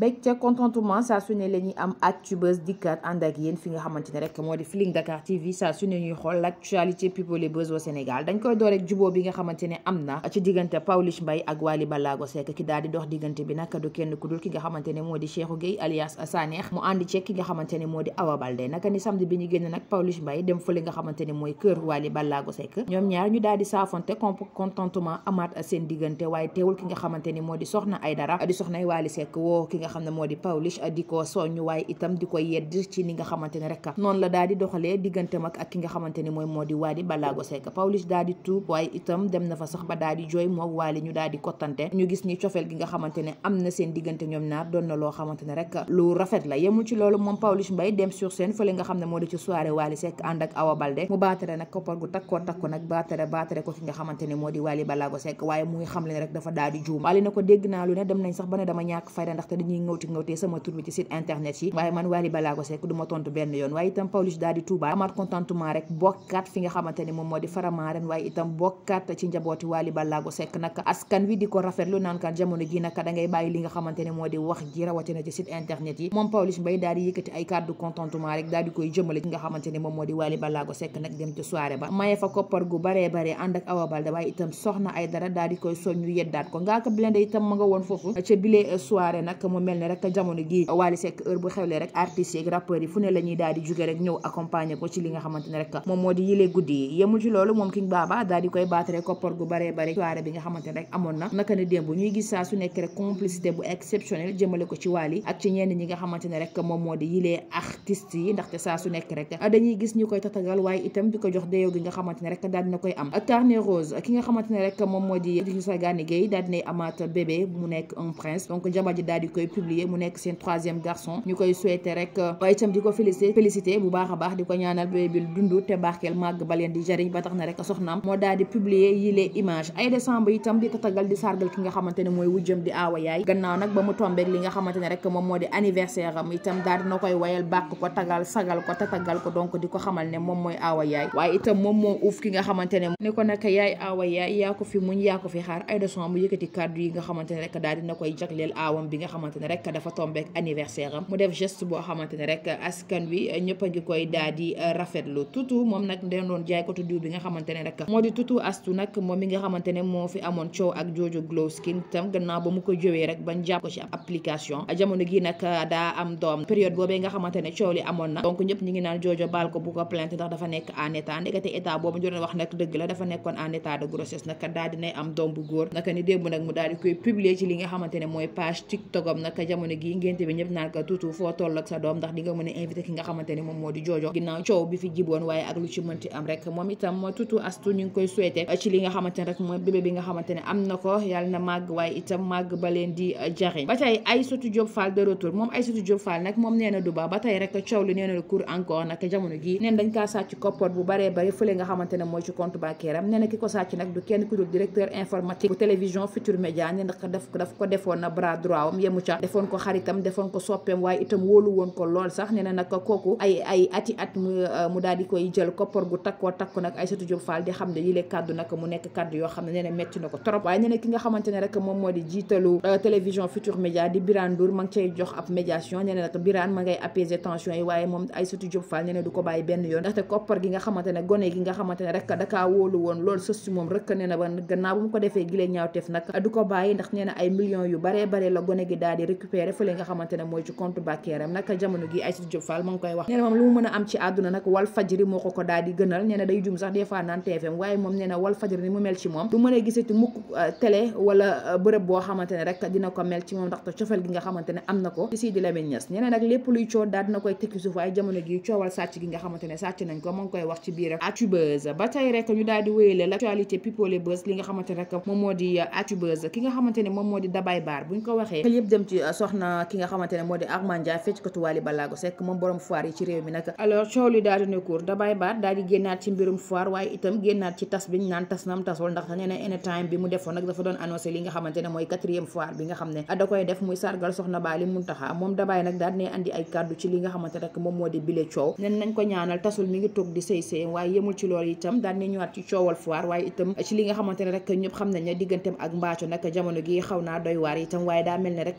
mbégte contentement saa su ne la ñuy am actubuzz dikkaat ànd ak yéen fi nga xamante ne rek moo di Feeling Dakar TV saa su ñuy xool l'actualité people et au Sénégal dañ koy door rek juboo bi nga xamante am na ci diggante Pawlish Mbaye ak Wally Ballago Seck ki daal dox diggante bi nag du kenn ku ki nga xamante ne moo di Cheikhou Gueye alias Sanex mu ànd ceeg ki nga xamante ne moo di Awa Baldé naka ni samedi bi ñu génn ne mooy kër Wally Ballago Seck ñoom ñaar ñu daal di saafonte contentement amaat seen diggante waaye teewul ki moo di soxna Aydara di xam ne moo di Pawlish di ko soññ waaye itam di ko yedd ci ni nga xamante ne rek noonu la daal di doxalee digganteem ak ak ki nga xamante moo di Wally Ballago Seck waaye mu baatare xam le rek dafa daal di juum Wally na ko dégg naa lu ne dem nañ sax ba ne dama ñàkk fayda ndaxte dañuy nag da ngay moom moo di Wally Ballago Seck nag dem ci soirée ba maye fa koppar gu baree baree ànd ak Awa Balde waaye itam soxna ay dara daal di koy soññu yeddaat ko ngaa ko blende itam ma nga woon foofu ca bile soirée nag mel naka ne démb ñuy gis saa su nekk rek complicité bu exceptionnel jëmale ko ci Wally ak ci ñenn ñi nga xamante ne moom moo di yilee artistes yi ndaxte saa su nekk rek dañuy gis ñu koy tatagal waaye itam di ko jox déyow gi nga xamante ne rek dina koy am carnet rose ki nga xamante ne moom moo di Youssou Gana Gueye daal dinay amaat bébé mu nekk un prince donc jabar ji daal di koy publié mu nekk seen troisième garçon ñu koy souhaité rek euh, waaye itam di ko félicité bu baax a baax di ko ñaanal ba mu tombeek li nga xamante rek moom moo anniversaire am itam daal koy wayal bàkk ko tagal sagal ko tatagal ko donc di ko xamal ne moom mooy aawa yaay waaye itam moom moo uuf ki nga xamante ne ko nag yaay aawa yaay yaa ko fi muñ yaa ko fi xaar ay décembre yëkkati kàddu yi nga xamante rek daal koy jagleel aawam bi nga xamante ne rek dafa tombeek anniversaire am mu def geste boo xamante ne rek askan wi ñëpp a ngi koy daal di rafetlu tutu moom nag den doon jaaykatu diw bi nga xamante ne rek moo di tutu astu nag moom mi nga xamante ne moo fi amoon coow ak ba mu ko jëwee rek bañ jàpp ko ci application jamono gi nag daa am doom période boobee nga xamante ne coow li amoon na donc ñëpp ñi ngi naan Jojo baal ko bu ko plainte ndax dafa nekk en état ndekete état boobu ñu doon wax nag dëgg la dafa nekkoon en état de grossesse nag daal dinay am doom bu góor nag daal di koy publier ci li nga xamante ne mooy page TikTok am nag nag jamono a moom moo di ba leen uh, rek coow li nee na encore nag jamono gii ki ko sàcc nag du kenn ku directeur informatique bu télévision Futur Média nee daf ko defoon na bras droit yemu ca defoon ko xaritam defoon ko soppeem waaye itam wóolu woon ko lool sax nee nag kooku ay ati at mu euh, mu di koy jël koppar gu takkoo takku nag Aïssatou Diop Fall di yoo xam ne nee na moom moo di jiitalu euh, télévision Futur Média di Birane Ndour ma ngi cay jox ab médiation nee na nag Birane ma ngay apaiser du ko bàyyi benn yoon ndaxte koppar gi nga xamante gone gi nga xamante rek dakaa wóolu woon lool sës si moom rek nee ba gannaaw bu mu ko defee gilee ñaawteef nag du ko bàyyi ndax nee ay millions yu bare bare la gone gi daal di récupéré nga xamante moom moo di gënal euh, euh, ba tey rek ñu daal di wéyale l'actualité people buzz li euh, nga xamante ne moom moo di Actubuzz ki nga xamante moom moo di Dabay Baar buñ ko waxee yëpp dem ci muy euh, soxna ki nga xamante moom dabay nag dafa doon ay kàddu ci li nga xamante rek moom moo di bile coow nen nañ ko ñaanal tasul mi ngi toog di sëy sëy waaye yemul ci loolu itam daal di ñëwaat ci coowal foire waaye itam ci li nga xamante rek ñëpp xam nañ ne digganteem ak mbaaco nag jamono gi xaw naa doy waar itam waaye daa mel ne rek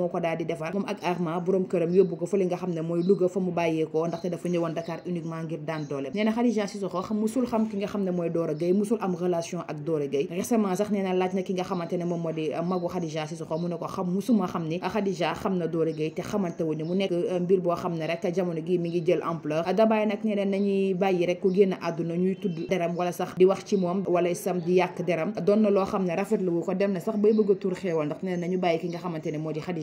moo ko daal di defar moom ak Armand borom këram yóbbu ko fa li nga xam ne mooy Louga fa mu bàyyeekoo ndaxte dafa ñëwoon Dakar uniquement ngir daan doole nee na Khadija Sissoko mu ne ko xam musuma xam ni Khadija xam na Doro Gueye te xamante wuñu mu nekk euh, mbir boo xam ne rek jamono gi mi ngi jël ampleur euh, dabaay nag nee nañuy bàyyi rek ku génn àdduna ñuy tudd deram wala sax di wax ci moom wala sam di yàq deram doon loo xam ne rafetlu wu ko dem na sax bay a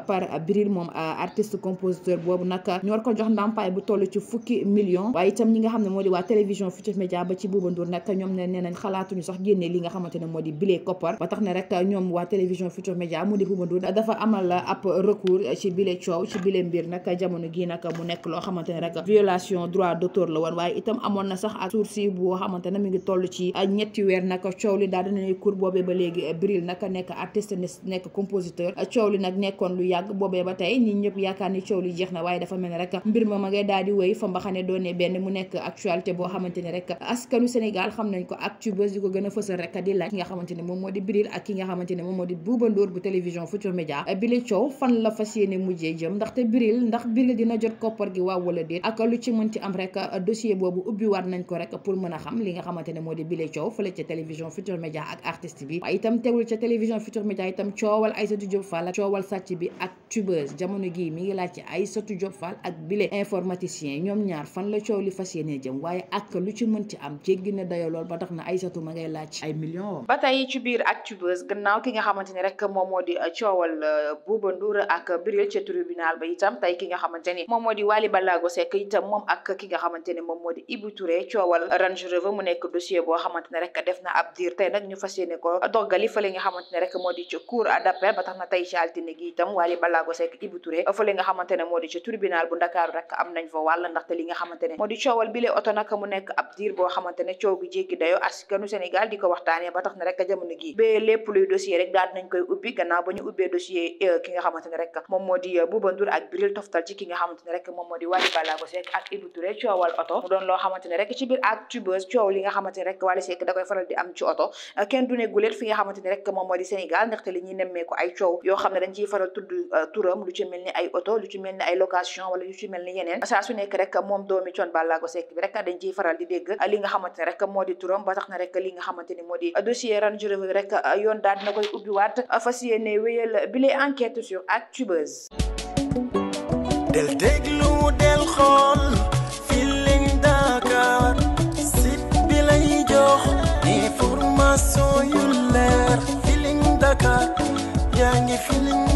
par Bril moom euh, artiste compositeur boobu nag ñu ko jox ndàmpaay bu toll ci fukki million waaye itam ñi nga xam ne moo di waa télévision Futurs Médias ba ci Bouba Ndour ñoom ne nee xalaatuñu sax génnee li nga xamante ne moo di bilee koppar ba tax ne rek ñoom waa télévision Futurs Médias mu di Bouba dafa amal ab recours ci bile coow ci bile mbir nag jamono gi nag mu nekk loo xamante ne rek violation droit d'auteur la woon waaye yàgg boobee ba tey ñi ñëpp yaakaar ni coow li jeex na waaye dafa mel ne rek mbir ma ma ngay daal di fa mbaxane doone benn mu nekk actualité boo xamante a fësal rek moom moo di Bril ak bi la coow fan la fas yéene lu ci mën am rek dossier boobu ubbi waat nañ ko rek pour mën a xam li nga xamante ne moo di bile coow fële ca télévision Futurs Médias ak artiste bi waaye itam tegul ca télévision Futurs Médias itam coowal Aïssatou Diop Fall coowal sàcc bi ak tubeuse jamono gii mi ngi laaj ci laajte Aïssatou Diop Fall ak bile informaticien ñoom ñaar fan la coow li fas yéene jëm waaye ak lu ci mën ci am ci na dayo lool ba tax na Aïssatou ma ngay laaj ay millions ba tey ci biir ak tubeuse gannaaw ki nga xamante ne rek moom moo di uh, coowal uh, Bouba Ndour ak Biril ci tribunal ba itam tey ki nga xamante ni moom moo di Wally Ballago Seck itam moom ak ki nga xamante ne moom moo di Ibou Touré coowal Range Rover mu nekk dossier boo xamante ne rek def na ab diir tey nag ñu fas yéene ko doggali fa li nga xamante ne rek moo di ci cour d'appel ba tax na Wally Ballago Seck Ibou Touré nga xamante ne coowal bile oto nag mu nekk ab boo xamante coow gi jéggi dayo askanu Sénégal di ko waxtaanee ba tax na rek jamono gi ba lépp luy dossier rek daal nañ koy ubbi gannaaw ba ñu ubbee dossier euh, ki nga xamante rek moom moo di euh, ak Bril toftal ci ki nga xamante rek moom moo di Wally Ballago ak Ibou coowal oto mu doon loo xamante rek ci biir ak tubeuse coow li nga xamante rek Euh, turam lu ci mel ni ay oto lu ci mel ni ay location wala lu ci mel ni yeneen saa su nekk rek moom doomi Thione Ballago Seck bi rek dañ ciy faral di dégg euh, li nga xamante ne rek moo di turam ba tax na rek li nga xamante ni moo di euh, dossier Range Rover rek yoon daal dina koy a fas yéene wéyal bile enquête sur Actubuzz del déglu del xool Feeling Dakar yaa ngi Feeling